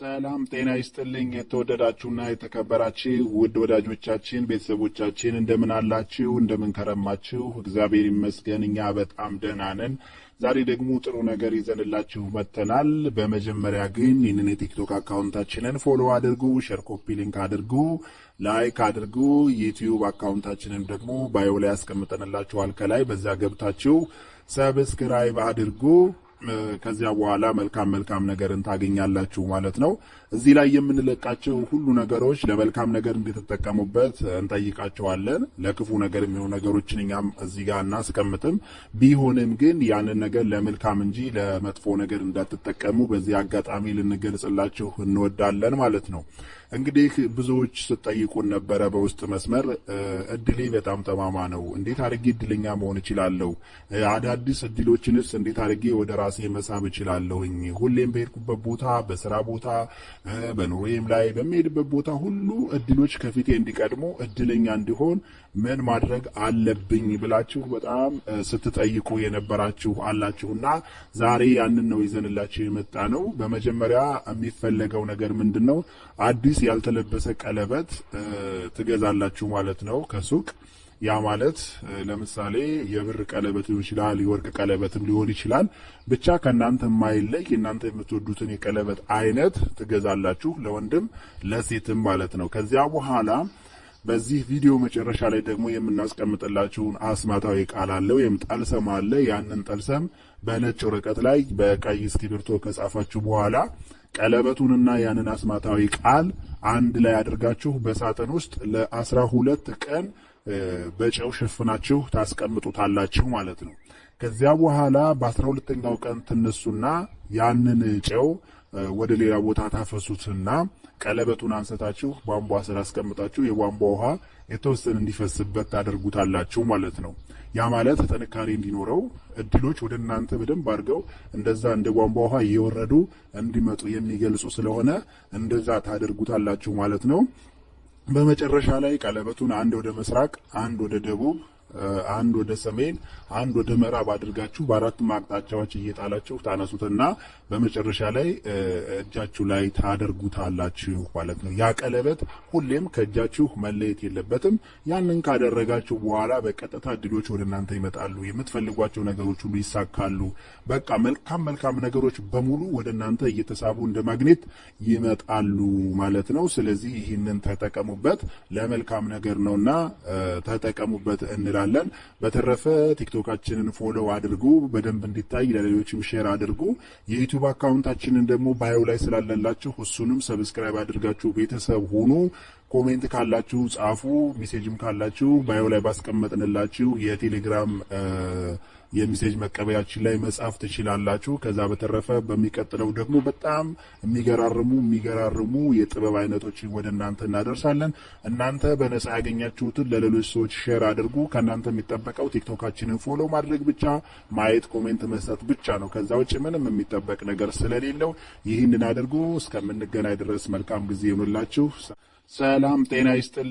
ሰላም ጤና ይስጥልኝ። የተወደዳችሁና የተከበራችሁ ውድ ወዳጆቻችን ቤተሰቦቻችን፣ እንደምን አላችሁ? እንደምን ከረማችሁ? እግዚአብሔር ይመስገን እኛ በጣም ደህና ነን። ዛሬ ደግሞ ጥሩ ነገር ይዘንላችሁ መጥተናል። በመጀመሪያ ግን ይህንን የቲክቶክ አካውንታችንን ፎሎ አድርጉ፣ ሸር፣ ኮፒ ሊንክ አድርጉ፣ ላይክ አድርጉ። ዩቲዩብ አካውንታችንን ደግሞ ባዮ ላይ ያስቀምጠንላችኋል። ከላይ በዛ ገብታችሁ ሰብስክራይብ አድርጉ። ከዚያ በኋላ መልካም መልካም ነገርን ታገኛላችሁ ማለት ነው። እዚህ ላይ የምንለቃቸው ሁሉ ነገሮች ለመልካም ነገር እንድትጠቀሙበት እንጠይቃቸዋለን። ለክፉ ነገር የሚሆኑ ነገሮችን እኛም እዚህ ጋር እናስቀምጥም። ቢሆንም ግን ያንን ነገር ለመልካም እንጂ ለመጥፎ ነገር እንዳትጠቀሙ በዚህ አጋጣሚ ልንገልጽላችሁ እንወዳለን ማለት ነው። እንግዲህ ብዙዎች ስጠይቁን ነበረ በውስጥ መስመር እድሌ በጣም ጠማማ ነው፣ እንዴት አድርጌ እድለኛ መሆን እችላለሁ? አዳዲስ እድሎችንስ እንዴት አድርጌ ወደ ራሴ መሳብ እችላለሁኝ? ሁሌም በሄድኩበት ቦታ፣ በስራ ቦታ፣ በኑሮዬም ላይ በሚሄድበት ቦታ ሁሉ እድሎች ከፊቴ እንዲቀድሙ እድለኛ እንዲሆን ምን ማድረግ አለብኝ ብላችሁ በጣም ስትጠይቁ የነበራችሁ አላችሁና ዛሬ ያንን ነው ይዘንላችሁ የመጣ ነው። በመጀመሪያ የሚፈለገው ነገር ምንድን ነው? አዲስ አዲስ ያልተለበሰ ቀለበት ትገዛላችሁ ማለት ነው ከሱቅ። ያ ማለት ለምሳሌ የብር ቀለበት ሊሆን ይችላል፣ የወርቅ ቀለበትም ሊሆን ይችላል። ብቻ ከእናንተ የማይለይ እናንተ የምትወዱትን የቀለበት አይነት ትገዛላችሁ፣ ለወንድም ለሴትም ማለት ነው። ከዚያ በኋላ በዚህ ቪዲዮ መጨረሻ ላይ ደግሞ የምናስቀምጥላችሁን አስማታዊ ቃል አለ ወይም ጠልሰም አለ። ያንን ጠልሰም በነጭ ወረቀት ላይ በቀይ እስክሪብቶ ከጻፋችሁ በኋላ ቀለበቱንና ያንን አስማታዊ ቃል አንድ ላይ አድርጋችሁ በሳጥን ውስጥ ለአስራ ሁለት ቀን በጨው ሸፍናችሁ ታስቀምጡታላችሁ ማለት ነው። ከዚያ በኋላ በአስራ ሁለተኛው ቀን ትነሱና ያንን ጨው ወደ ሌላ ቦታ ታፈሱትና ቀለበቱን አንስታችሁ ቧንቧ ስር አስቀምጣችሁ የቧንቧ ውሃ የተወሰነ እንዲፈስበት ታደርጉታላችሁ ማለት ነው። ያ ማለት ጥንካሬ እንዲኖረው እድሎች ወደ እናንተ በደንብ አድርገው እንደዛ እንደ ቧንቧ ውሃ እየወረዱ እንዲመጡ የሚገልጹ ስለሆነ እንደዛ ታደርጉታላችሁ ማለት ነው። በመጨረሻ ላይ ቀለበቱን አንድ ወደ ምስራቅ፣ አንድ ወደ ደቡብ አንድ ወደ ሰሜን አንድ ወደ ምዕራብ አድርጋችሁ በአራት አቅጣጫዎች እየጣላችሁ ታነሱትና በመጨረሻ ላይ እጃችሁ ላይ ታደርጉታላችሁ ማለት ነው። ያ ቀለበት ሁሌም ከእጃችሁ መለየት የለበትም። ያንን ካደረጋችሁ በኋላ በቀጥታ እድሎች ወደ እናንተ ይመጣሉ። የምትፈልጓቸው ነገሮች ሁሉ ይሳካሉ። በቃ መልካም መልካም ነገሮች በሙሉ ወደ እናንተ እየተሳቡ እንደ ማግኔት ይመጣሉ ማለት ነው። ስለዚህ ይህንን ተጠቀሙበት፣ ለመልካም ነገር ነውና ተጠቀሙበት እንላለን። እንላለን። በተረፈ ቲክቶካችንን ፎሎው አድርጉ፣ በደንብ እንዲታይ ለሌሎችም ሼር አድርጉ። የዩቱብ አካውንታችንን ደግሞ ባዮ ላይ ስላለላችሁ እሱንም ሰብስክራይብ አድርጋችሁ ቤተሰብ ሁኑ። ኮሜንት ካላችሁ ጻፉ። ሜሴጅም ካላችሁ ባዮ ላይ ባስቀመጥንላችሁ የቴሌግራም የሜሴጅ መቀበያችን ላይ መጻፍ ትችላላችሁ። ከዛ በተረፈ በሚቀጥለው ደግሞ በጣም የሚገራርሙ የሚገራርሙ የጥበብ አይነቶችን ወደ እናንተ እናደርሳለን። እናንተ በነጻ ያገኛችሁትን ለሌሎች ሰዎች ሼር አድርጉ። ከእናንተ የሚጠበቀው ቲክቶካችንን ፎሎ ማድረግ ብቻ፣ ማየት፣ ኮሜንት መስጠት ብቻ ነው። ከዛ ውጭ ምንም የሚጠበቅ ነገር ስለሌለው ይህንን አድርጉ። እስከምንገናኝ ድረስ መልካም ጊዜ ይሁንላችሁ። ሰላም ጤና ይስጥልኝ።